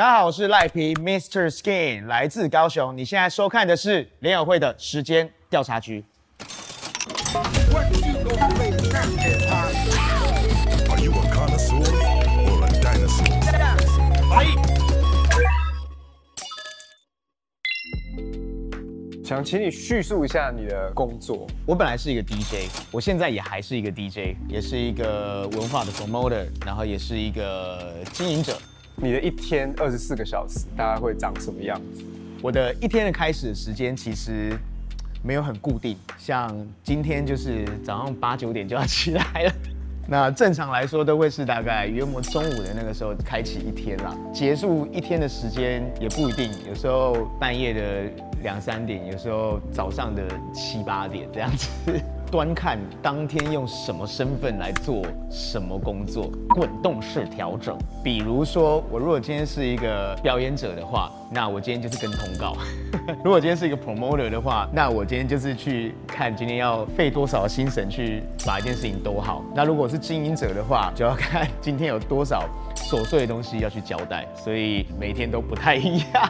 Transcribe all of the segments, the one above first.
大家好，我是賴皮 Mr. Skin，來自高雄。你現在收看的是聯友會的時間調查局。想請你敘述一下你的工作。我本來是一個 DJ，我現在也還是一個 DJ，也是一個文化的 promoter，然後也是一個經營者。你的一天二十四個小時大概會長什麼樣子？我的一天的開始時間其實沒有很固定，像今天就是早上八九點就要起來了。那正常來說都會是大概約莫中午的那個時候開啟一天啦，結束一天的時間也不一定，有時候半夜的兩三點，有時候早上的七八點這樣子。端看當天用什麼身份來做什麼工作，滾動式調整。比如說，我如果今天是一個表演者的話。那我今天就是跟通告。 如果今天是一個 promoter 的話，那我今天就是去看今天要費多少心神去把一件事情做好。那如果是經營者的話，就要看今天有多少瑣碎的東西要去交代，所以每天都不太一樣。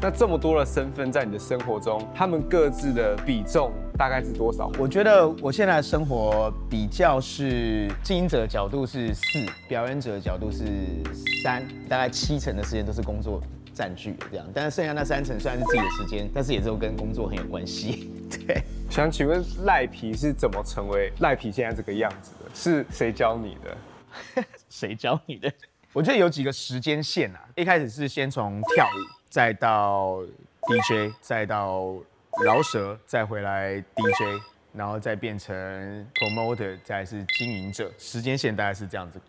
那這麼多的身份在你的生活中，他們各自的比重大概是多少？我覺得我現在的生活比較是經營者的角度是四，表演者的角度是三，大概七成的時間都是工作占據這樣，但是剩下那三層雖然是自己的時間，但是也都跟工作很有關係。對，想請問賴皮是怎麼成為賴皮現在這個樣子的？是誰教你的？誰 教你的？我覺得有幾個時間線啊，一開始是先從跳舞，再到 DJ，再到饒舌，再回來 DJ，然後再變成 promoter，再是經營者。時間線大概是這樣子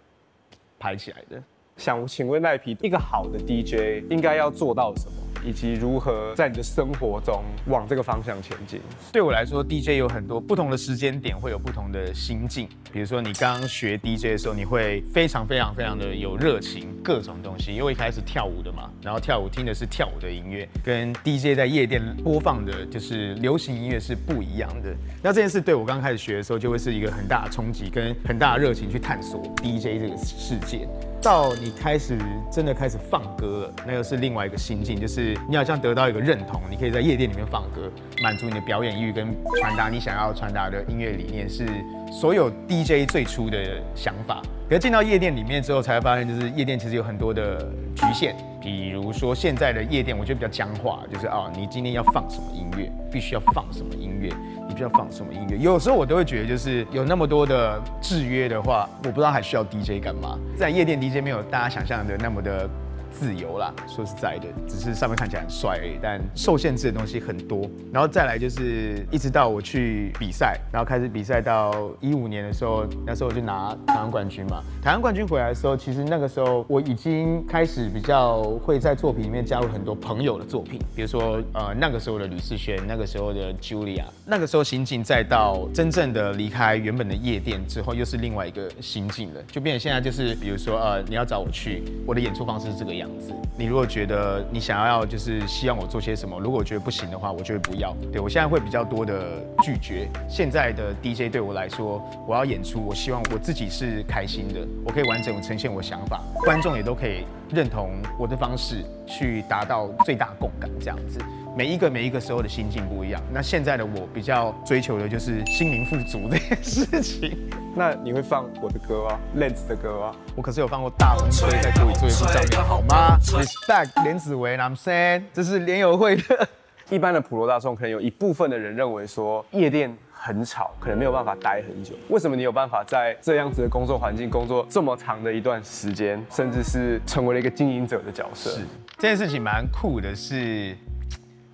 排起來的。想請問賴皮，一個好的 DJ 應該要做到什麼，以及如何在你的生活中往這個方向前進？對我來說，DJ 有很多不同的時間點，會有不同的心境。比如說，你剛學 DJ 的時候，你會非常非常非常的有熱情，各種東西，因為一開始跳舞的嘛，然後跳舞聽的是跳舞的音樂，跟 DJ 在夜店播放的就是流行音樂是不一樣的。那這件事對我剛開始學的時候，就會是一個很大的衝擊，跟很大的熱情去探索 DJ 這個世界。到你開始真的開始放歌了，那又是另外一個心境，就是你好像得到一個認同，你可以在夜店裡面放歌，滿足你的表演欲跟傳達你想要傳達的音樂理念，是所有 DJ 最初的想法。可是進到夜店裡面之後，才發現，就是夜店其實有很多的局限，比如說現在的夜店，我覺得比較僵化，就是哦、啊，你今天要放什麼音樂，必須要放什麼音樂，你必須要放什麼音樂。有時候我都會覺得，就是有那麼多的制約的話，我不知道還需要 DJ 幹嘛？在夜店，DJ 沒有大家想象的那麼的。自由啦，說實在的，只是上面看起來很帥而已，但受限制的東西很多。然後再來就是，一直到我去比賽，然後開始比賽到一五年的時候，那時候我就拿台灣冠軍嘛。台灣冠軍回來的時候，其實那個時候我已經開始比較會在作品裡面加入很多朋友的作品，比如說呃那個時候的呂士軒，那個時候的 Julia。那個時候，心境再到真正的離開原本的夜店之後，又是另外一個心境了，就變成現在就是，比如說，呃，你要找我去，我的演出方式是這個樣子。你如果覺得你想要，就是希望我做些什麼，如果我覺得不行的話，我就會不要。對，我現在會比較多的拒絕。現在的 DJ 對我來說，我要演出，我希望我自己是開心的，我可以完整呈現我想法，觀眾也都可以認同我的方式去達到最大共感，這樣子。每一個每一個時候的心境不一樣。那現在的我比較追求的就是心靈富足的事情。那你會放我的歌嗎？Lenz 的歌嗎？我可是有放過大《大風吹》在做做一次照影，好嗎？Respect 蓮子為男神，這是連友會的。一般的普羅大眾可能有一部分的人認為說夜店很吵，可能沒有辦法待很久。為什麼你有辦法在這樣子的工作環境工作這麼長的一段時間，甚至是成為了一個經營者的角色？是這件事情蠻酷的，是。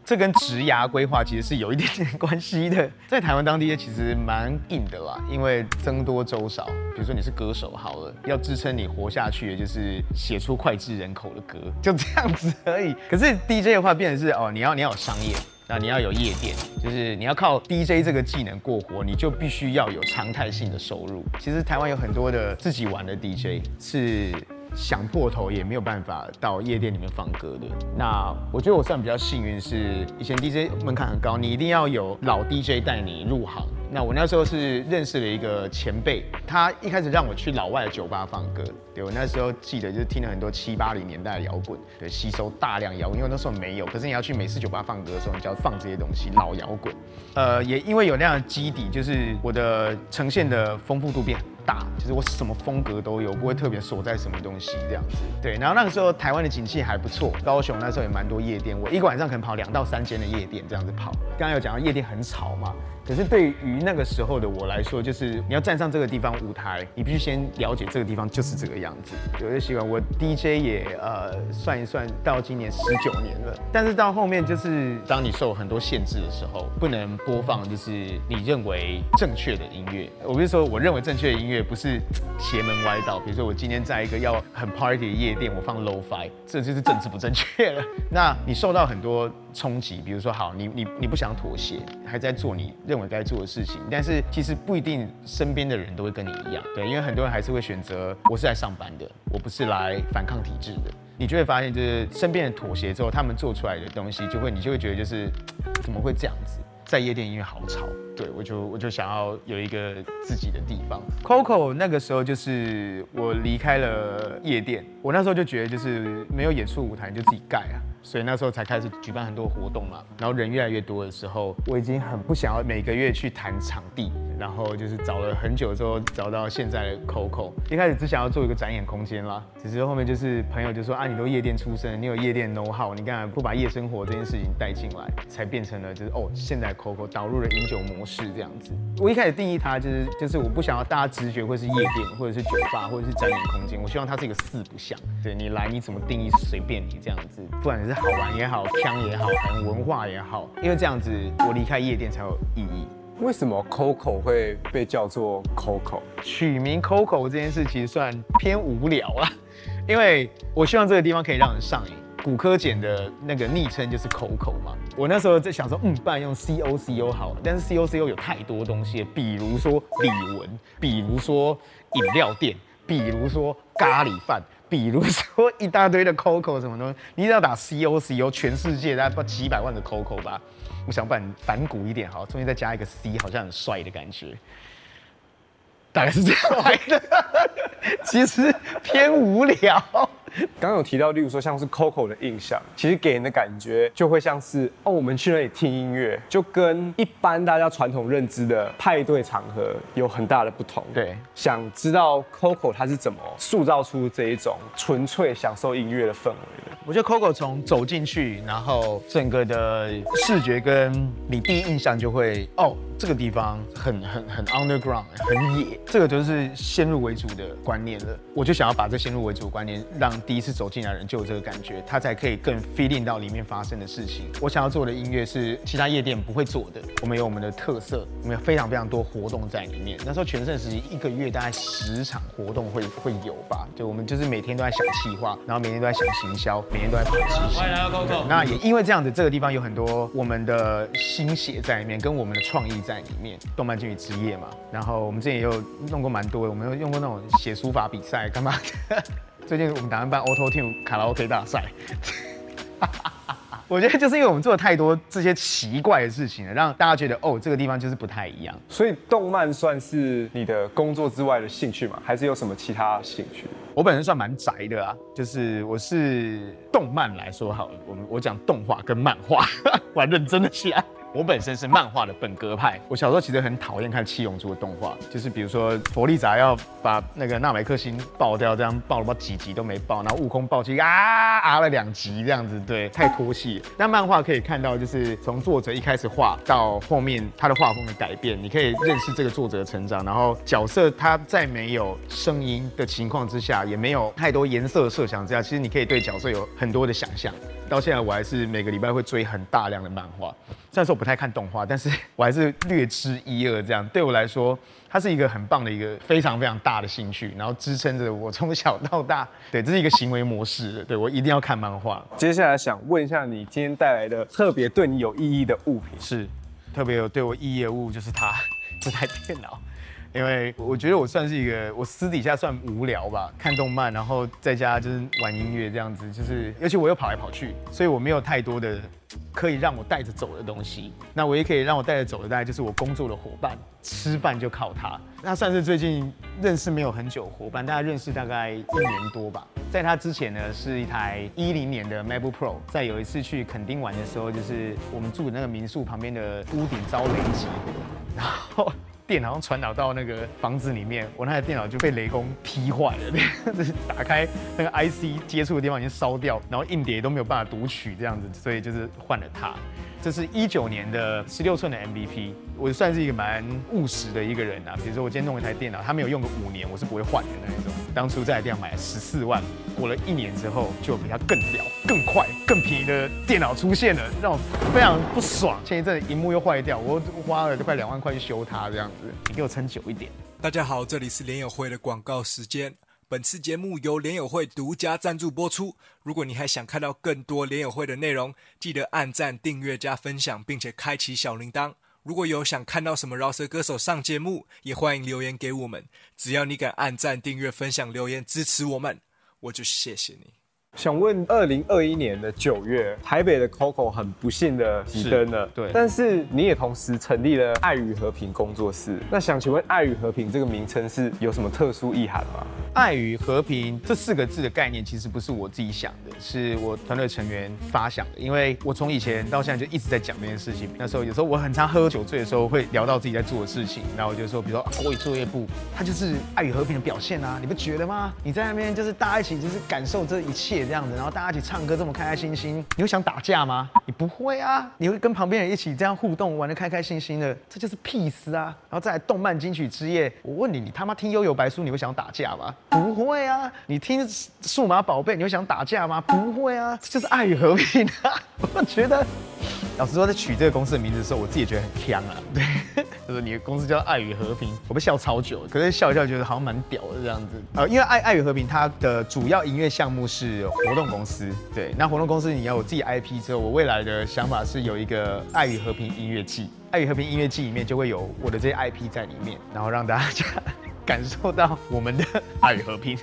這跟職涯規劃其實是有一點點關係的。在台灣當 DJ 其實蠻硬的啦，因為僧多粥少。比如說你是歌手好了，要支撐你活下去的，就是寫出膾炙人口的歌，就這樣子而已。可是 DJ 的話，變成是哦，你要你要有商業，那你要有夜店，就是你要靠 DJ 這個技能過活，你就必須要有常態性的收入。其實台灣有很多的自己玩的 DJ 是。想破頭也沒有辦法到夜店裡面放歌的。那我覺得我算比較幸運，是以前 DJ 門檻很高，你一定要有老 DJ 帶你入行。那我那時候是認識了一個前輩，他一開始讓我去老外的酒吧放歌。對，我那時候記得就是聽了很多七八零年代的搖滾，對，吸收大量搖滾，因為那時候沒有。可是你要去美式酒吧放歌的時候，你就要放這些東西老搖滾。呃，也因為有那樣的基底，就是我的呈現的豐富度變大，其實我什麼風格都有，不會特別鎖在什麼東西這樣子。對，然後那個時候台灣的景氣還不錯，高雄那時候也蠻多夜店，我一個晚上可能跑兩到三間的夜店這樣子跑。剛剛有講到夜店很吵嘛，可是對於那個時候的我來說，就是你要站上這個地方舞台，你必須先了解這個地方就是這個樣子。有些習慣，我 DJ 也呃算一算到今年十九年了，但是到後面就是當你受很多限制的時候，不能播放就是你認為正確的音樂，我不是說我認為正確的音樂。也不是邪門歪道，比如說我今天在一個要很 party 的夜店，我放 lofi，這就是政治不正確了。那你受到很多衝擊，比如說好，你你你不想妥協，還在做你認為該做的事情，但是其實不一定身邊的人都會跟你一樣，對，因為很多人還是會選擇我是來上班的，我不是來反抗體制的。你就會發現，就是身邊的妥協之後，他們做出來的東西，就會你就會覺得就是怎麼會這樣子？在夜店因為好吵。對我就我就想要有一個自己的地方。Cocco 那個時候就是我離開了夜店，我那時候就覺得就是沒有演出舞台就自己蓋啊，所以那時候才開始舉辦很多活動嘛。然後人越來越多的時候，我已經很不想要每個月去談場地，然後就是找了很久之後找到現在的 Cocco。一開始只想要做一個展演空間啦，只是後面就是朋友就說啊，你都夜店出身，你有夜店 know how，你幹嘛不把夜生活這件事情帶進來，才變成了就是哦現在 Cocco 導入了飲酒模式。是這樣子，我一開始定義它就是，就是我不想要大家直覺會是夜店，或者是酒吧，或者是展演空間。我希望它是一個四不像，對，你來你怎麼定義隨便你這樣子，不管是好玩也好，香也好，還有文化也好，因為這樣子我離開夜店才有意義。為什麼 Cocco 會被叫做 Cocco？取名 Cocco 這件事其實算偏無聊啊，因為我希望這個地方可以讓人上癮。骨柯鹼的那個昵稱就是 Coco 嘛，我那時候在想說，嗯，不然用 C O C O 好了，但是 C O C O 有太多東西，比如說李玟，比如說飲料店，比如說咖喱飯，比如說一大堆的 Coco 什麼東西，你一定要打 C O C O，全世界大概幾百萬的 Coco 吧。我想辦法反骨一點，好，中間再加一個 C，好像很帥的感覺，大概是這樣來的，其實偏無聊。剛剛有提到，例如說像是 Cocco 的印象，其實給人的感覺就會像是哦，我們去那裡聽音樂，就跟一般大家傳統認知的派對場合有很大的不同。對，想知道 Cocco 他是怎麼塑造出這一種純粹享受音樂的氛圍的？我覺得 Cocco 從走進去，然後整個的視覺跟你第一印象就會哦，這個地方很很很 underground，很野，這個就是先入為主的觀念了。我就想要把這先入為主的觀念讓。第一次走進來的人就有這個感覺，他才可以更 feeling 到裡面發生的事情。我想要做的音樂是其他夜店不會做的，我們有我們的特色，我們有非常非常多活動在裡面。那時候全盛時期一個月大概十場活動，會會有吧？對，我們就是每天都在想企劃，然後每天都在想行銷，每天都在跑執行。歡迎來到 Cocco。那也因為這樣子，這個地方有很多我們的心血在裡面，跟我們的創意在裡面。動漫金曲之夜嘛，然後我們之前也有弄過蠻多的，我們有用過那種寫書法比賽幹嘛最近我們打算辦 Auto Tune 卡拉 OK 大賽， 我覺得就是因為我們做了太多這些奇怪的事情了，讓大家覺得哦，這個地方就是不太一樣。所以動漫算是你的工作之外的興趣嗎？還是有什麼其他興趣？我本身算蠻宅的啊，就是我是動漫來說好，我們我講動畫跟漫畫，玩 還認真的起來。我本身是漫畫的本格派，我小時候其實很討厭看《七龍珠》的動畫，就是比如說弗利札要把那個納美克星爆掉，這樣爆了，把幾集都沒爆，然後悟空爆氣啊，啊啊了兩集這樣子，對，太拖戲。那漫畫可以看到，就是從作者一開始畫到後面，他的畫風的改變，你可以認識這個作者的成長，然後角色他在沒有聲音的情況之下，也沒有太多顏色的設想，這樣其實你可以對角色有很多的想象。到現在我還是每個禮拜會追很大量的漫畫。雖然我不太看動畫，但是我還是略知一二。這樣，對我來說，它是一個很棒的一個非常非常大的興趣，然後支撐着我從小到大。對，這是一個行為模式。對，我一定要看漫畫。接下來想問一下你今天帶來的特別對你有意義的物品，是特別有對我意義的物，就是它這台電腦。因為我覺得我算是一個，我私底下算無聊吧，看動漫，然後在家就是玩音樂這樣子，就是，尤其我又跑來跑去，所以我沒有太多的可以讓我帶着走的東西。那唯一可以讓我帶着走的，大概就是我工作的夥伴，吃飯就靠他、他。那算是最近認識沒有很久夥伴，大家認識大概一年多吧。在他之前呢，是一台一零年的 MacBook Pro。在有一次去墾丁玩的時候，就是我們住的那個民宿旁邊的屋頂遭雷擊，然後。電腦好像傳導到那個房子裡面，我那台電腦就被雷公劈壞了。就是，打開那個 IC 接觸的地方已經燒掉，然後硬碟都沒有辦法讀取，這樣子，所以就是換了它。這是一九年的十六寸的 MVP，我算是一個蠻務實的一個人啊。比如說，我今天弄一台電腦，它沒有用個五年，我是不會換的那一種。當初這台電腦買十四萬，過了一年之後，就比它更屌、更快更便宜的電腦出現了，讓我非常不爽。前一陣熒幕又壞掉，我花了快兩萬塊去修它，這樣子。你給我撐久一點。大家好，這裡是連友會的廣告時間。本次節目由聯友會獨家贊助播出。如果你還想看到更多聯友會的內容，記得按贊、訂閱、加分享，並且開啟小鈴鐺。如果有想看到什麼饒舌歌手上節目，也歡迎留言給我們。只要你敢按贊、訂閱、分享、留言支持我們，我就謝謝你。想問，二零二一年的九月，台北的 Cocco 很不幸的熄燈了。對，但是你也同時成立了愛與和平工作室。那想請問，愛與和平這個名稱是有什麼特殊意涵嗎？愛與和平這四個字的概念，其實不是我自己想的，是我團隊成員發想的。因為我從以前到現在就一直在講這件事情。那時候有時候我很常喝酒醉的時候，會聊到自己在做的事情，然後就說，比如說、啊、國語作業簿，它就是愛與和平的表現啊，你不覺得嗎？你在那邊就是大家一起就是感受這一切。這樣子，然後大家一起唱歌，這麼開開心心，你會想打架嗎？你不會啊，你會跟旁邊人一起這樣互動，玩得開開心心的，這就是 peace 啊。然後再來動漫金曲之夜，我問你，你他媽聽《幽遊白書》，你會想打架嗎？不會啊。你聽《數碼寶貝》，你會想打架嗎？不會啊，這就是愛與和平啊。我覺得。老實說，在取這個公司的名字的時候，我自己也覺得很強啊。對，就是你的公司叫“愛與和平”，我被笑超久，可是笑一笑覺得好像蠻屌的這樣子。啊、呃，因為愛“愛愛與和平”它的主要音樂項目是活動公司。對，那活動公司你要有自己 IP 之後，我未來的想法是有一個愛與“愛與和平”音樂季。“愛與和平”音樂季裡面就會有我的這些 IP 在裡面，然後讓大家感受到我們的愛與和平。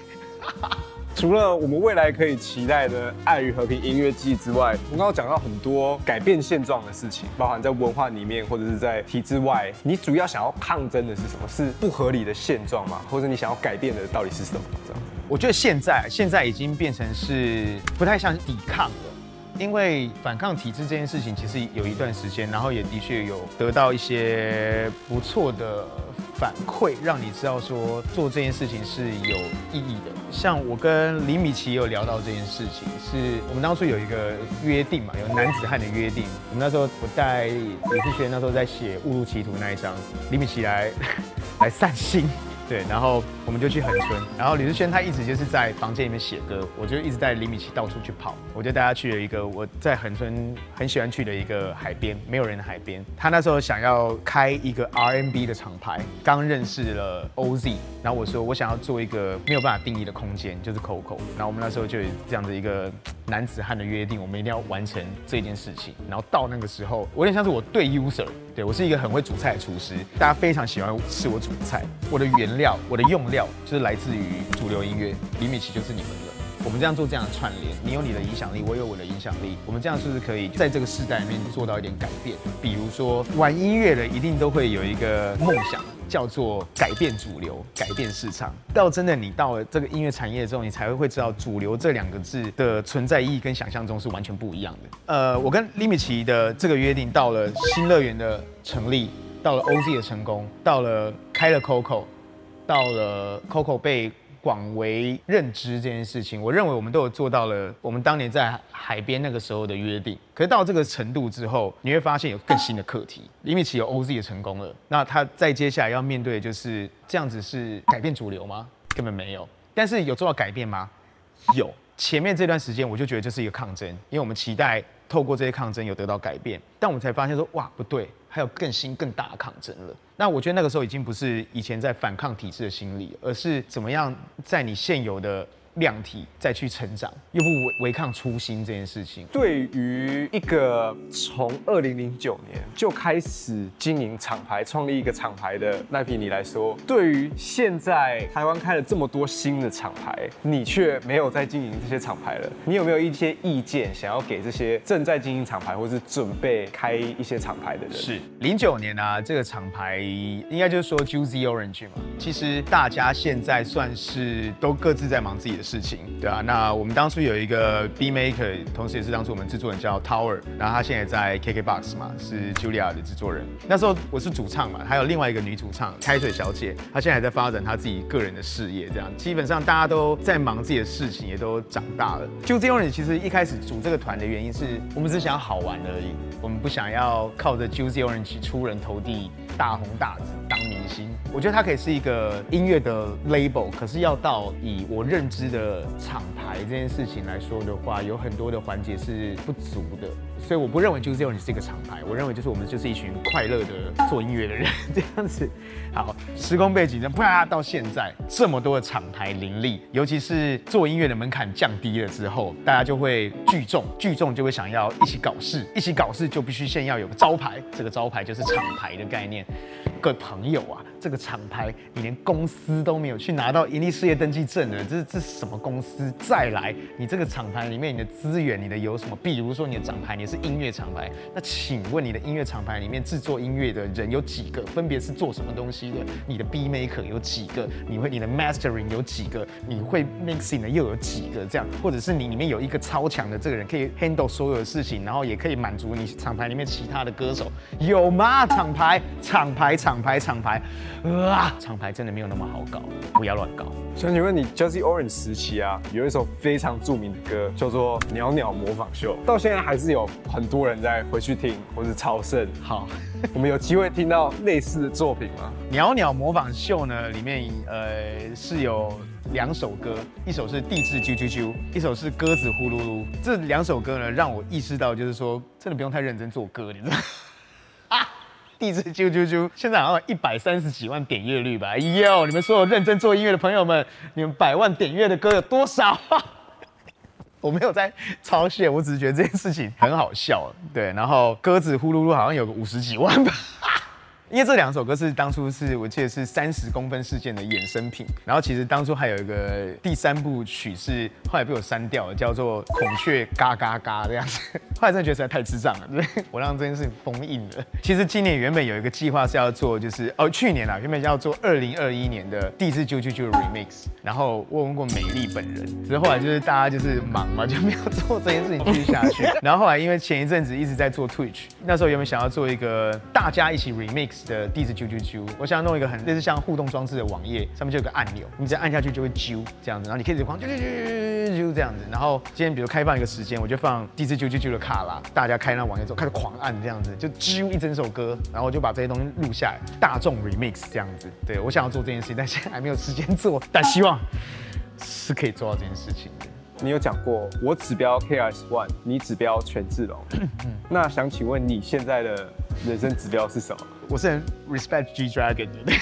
除了我們未來可以期待的愛與和平音樂季之外，我剛剛講到很多改變現狀的事情，包含在文化裡面或者是在體制外，你主要想要抗爭的是什麼？是不合理的現狀嗎？或者你想要改變的到底是什麼？這樣？我覺得現在現在已經變成是不太想抵抗了，因為反抗體制這件事情其實有一段時間，然後也的確有得到一些不錯的。反饋讓你知道說做這件事情是有意義的。像我跟李米奇有聊到這件事情，是我們當初有一個約定嘛，有男子漢的約定。我們那時候在李志院，那時候在寫《誤入歧途》那一張，李米奇來來散心。對，然後我們就去恆春，然後李志軒他一直就是在房間裡面寫歌，我就一直帶李米奇到處去跑。我就帶他去了一個我在恆春很喜歡去的一個海邊，沒有人的海邊。他那時候想要開一個 R&B 的廠牌，剛認識了 OZ，然後我說我想要做一個沒有辦法定義的空間，就是 Cocco。然後我們那時候就有這樣的一個男子漢的約定，我們一定要完成這件事情。然後到那個時候，我有點像是我對 user，對，我是一個很會煮菜的廚師，大家非常喜歡吃我煮的菜，我的原料。料，我的用料就是來自於主流音樂，李米奇就是你們的。我們這樣做這樣的串聯，你有你的影響力，我有我的影響力，我們這樣是不是可以在這個世代裡面做到一點改變？比如說玩音樂的一定都會有一個夢想，叫做改變主流，改變市場。到真的你到了這個音樂產業之後，你才會會知道主流這兩個字的存在意義跟想象中是完全不一樣的。呃，我跟李米奇的這個約定，到了新樂園的成立，到了 OZ 的成功，到了開了 Cocco & Co.。到了 Coco 被廣為認知這件事情，我認為我們都有做到了。我們當年在海邊那個時候的約定，可是到這個程度之後，你會發現有更新的課題。因為其有 OZ 也成功了，嗯、那他在接下來要面對的就是這樣子是改變主流嗎？根本沒有。但是有做到改變嗎？有。前面這段時間我就覺得這是一個抗爭，因為我們期待。透過這些抗爭有得到改變，但我們才發現說，哇，不對，還有更新更大的抗爭了。嗯、那我覺得那個時候已經不是以前在反抗體制的心理，而是怎麼樣在你現有的。量體再去成長，又不違違抗初心這件事情。對於一個從二零零九年就開始經營廠牌、創立一個廠牌的賴皮你來說，對於現在台灣開了這麼多新的廠牌，你卻沒有在經營這些廠牌了，你有沒有一些意見想要給這些正在經營廠牌或是準備開一些廠牌的人？是零九年啊，這個廠牌應該就是說 Juzzy Orange 嘛。其實大家現在算是都各自在忙自己的。事情對啊，那我們當初有一個 B maker，同時也是當初我們制作人叫 Tower，然後他現在在 KKBOX 嘛，是 Julia 的制作人。那時候我是主唱嘛，還有另外一個女主唱開水小姐，她現在還在發展她自己個人的事業，這樣基本上大家都在忙自己的事情，也都長大了。Juzzy Orange 其實一開始組這個團的原因是我們只想好玩而已，我們不想要靠着 Juzzy Orange 出人頭地、大紅大紫當明星。我覺得他可以是一個音樂的 label，可是要到以我認知的廠牌這件事情來說的話，有很多的環節是不足的，所以我不認為就是只有你是一個廠牌，我認為就是我們就是一群快樂的做音樂的人這樣子。好，時空背景從啪到現在，這麼多的廠牌林立，尤其是做音樂的門檻降低了之後，大家就會聚眾，聚眾就會想要一起搞事，一起搞事就必須先要有個招牌，這個招牌就是廠牌的概念。各位朋友啊。這個廠牌，你連公司都沒有去拿到營利事業登記證了，這是這是什麼公司？再來，你這個廠牌裡面你的資源，你的有什麼？比如說你的廠牌，你是音樂廠牌，那請問你的音樂廠牌裡面製作音樂的人有幾個？分別是做什麼東西的？你的 Beat Maker 有幾個？你會你的 Mastering 有幾個？你會 Mixing 的又有幾個？這樣，或者是你裡面有一個超強的這個人可以 handle 所有的事情，然後也可以滿足你廠牌裡面其他的歌手，有嗎？廠牌，廠牌，廠牌，廠牌。啊，廠牌真的沒有那麼好搞，不要亂搞。所以請問你 Juzzy Orange 時期啊，有一首非常著名的歌叫做《鳥鳥模仿秀》，到現在還是有很多人在回去聽或者朝聖。好， 我們有機會聽到類似的作品嗎？《鳥鳥模仿秀》呢，裡面呃是有兩首歌，一首是地質啾啾啾，一首是鴿子呼嚕嚕。這兩首歌呢，讓我意識到就是說，真的不用太認真做歌，你知道。一直啾啾啾，現在好像有一百三十幾萬點閱率吧。哎唷，你們所有認真做音樂的朋友們，你們百萬點閱的歌有多少？ 我沒有在嘲笑，我只是覺得這件事情很好笑。對，然後鴿子呼嚕嚕好像有個五十幾萬吧。 因為這兩首歌是當初是我記得是三十公分事件的衍生品，然後其實當初還有一個第三部曲是後來被我刪掉了，叫做孔雀嘎嘎嘎嘎嘎這樣子，後來真的覺得實在太智障了，對，我讓這件事封印了。其實今年原本有一個計劃是要做，就是哦去年啦，原本是要做二零二一年的第一次九九九 remix，然後我問過美麗本人，只是後來就是大家就是忙嘛，就沒有做這件事情繼續下去。然後後來因為前一陣子一直在做 Twitch，那時候原本想要做一個大家一起 remix。的 DJ 啾啾啾，我想要弄一個很類似像互動裝置的網頁，上面就有個按鈕，你只要按下去就會啾這樣子，然後你可以直接狂啾啾啾啾啾啾這樣子，然後今天比如開放一個時間，我就放 DJ 啾啾啾的卡拉，大家開那網頁之後開始狂按這樣子，就啾一整首歌，然後我就把這些東西錄下來，大眾 remix 這樣子，對，我想要做這件事情，但現在還沒有時間做，但希望是可以做到這件事情的。你有講過我指標 KRS One，你指標權志龍，咳喳那想請問你現在的人生指標是什麼？我是很 respect G Dragon 的，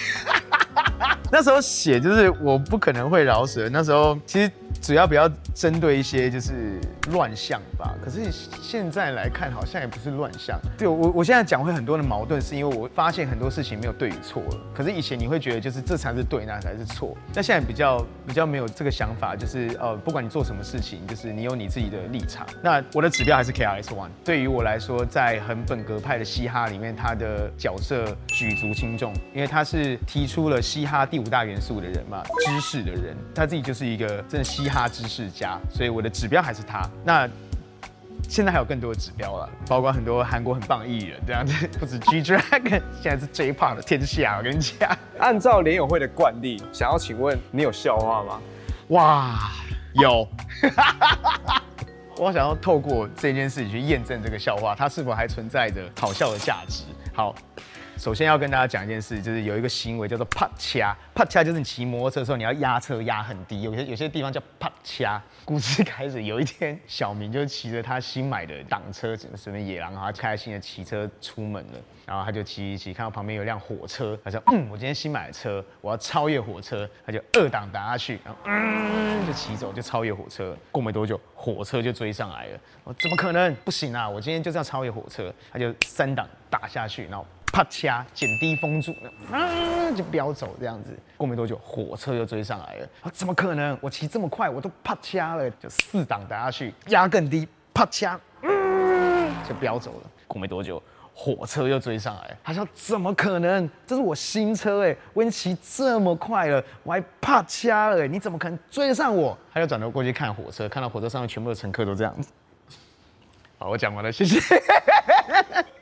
那時候寫就是我不可能會饒舌，那時候其實。主要比較針對一些就是亂象吧，可是現在來看好像也不是亂象。對我，我現在講會很多的矛盾，是因為我發現很多事情沒有對與錯了。可是以前你會覺得就是這才是對，那才是錯。那現在比較比較沒有這個想法，就是呃，不管你做什麼事情，就是你有你自己的立場。那我的指標還是 K R S One，對於我來說，在很本格派的嘻哈裡面，他的角色舉足輕重，因為他是提出了嘻哈第五大元素的人嘛，知識的人，他自己就是一個真的。嘻哈知識家，所以我的指標還是他。那現在還有更多的指標了，包括很多韓國很棒的藝人這樣子，對啊、不止 G Dragon，現在是 J Pop 的天下。我跟你講，按照聯友會的慣例，想要請問你有笑話嗎？哇，有！ 我想要透過這件事情去驗證這個笑話，它是否還存在着好笑的價值？好。首先要跟大家講一件事，就是有一個行為叫做“啪掐”，啪掐就是你騎摩托車的時候，你要壓車壓很低。有些有些地方叫“啪掐”。故事開始，有一天，小明就騎着他新買的擋車，什麼什麼野狼，然後，他開心的騎車出門了。然後他就騎一騎，看到旁邊有輛火車，他就嗯，我今天新買的車，我要超越火車，他就二檔打下去，然後嗯就騎走，就超越火車。過沒多久，火車就追上來了，我怎麼可能不行啊？我今天就是要超越火車，他就三檔打下去，然後。啪掐，減低風阻、嗯，嗯，就飆走這樣子。過沒多久，火車又追上來了。啊，怎麼可能？我騎這麼快，我都啪掐了，就四檔打下去，壓更低，啪掐，嗯、就飆走了。過沒多久，火車又追上來。他說：“怎麼可能？這是我新車哎、欸，我已經騎這麼快了，我還啪掐了、欸、你怎麼可能追上我？”他就轉頭過去看火車，看到火車上面全部的乘客都這樣子。好，我講完了，謝謝。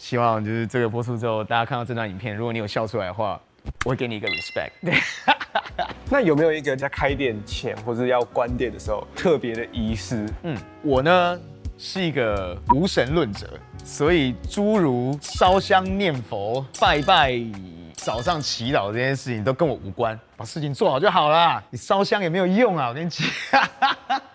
希望就是這個播出之後，大家看到這段影片，如果你有笑出來的話，我會給你一個 respect。對 那有沒有一個在開店前或者要關店的時候特別的儀式？嗯，我呢是一個無神論者，所以諸如燒香念佛、拜拜、早上祈禱這件事情都跟我無關，把事情做好就好了。你燒香也沒有用啊，我跟你講。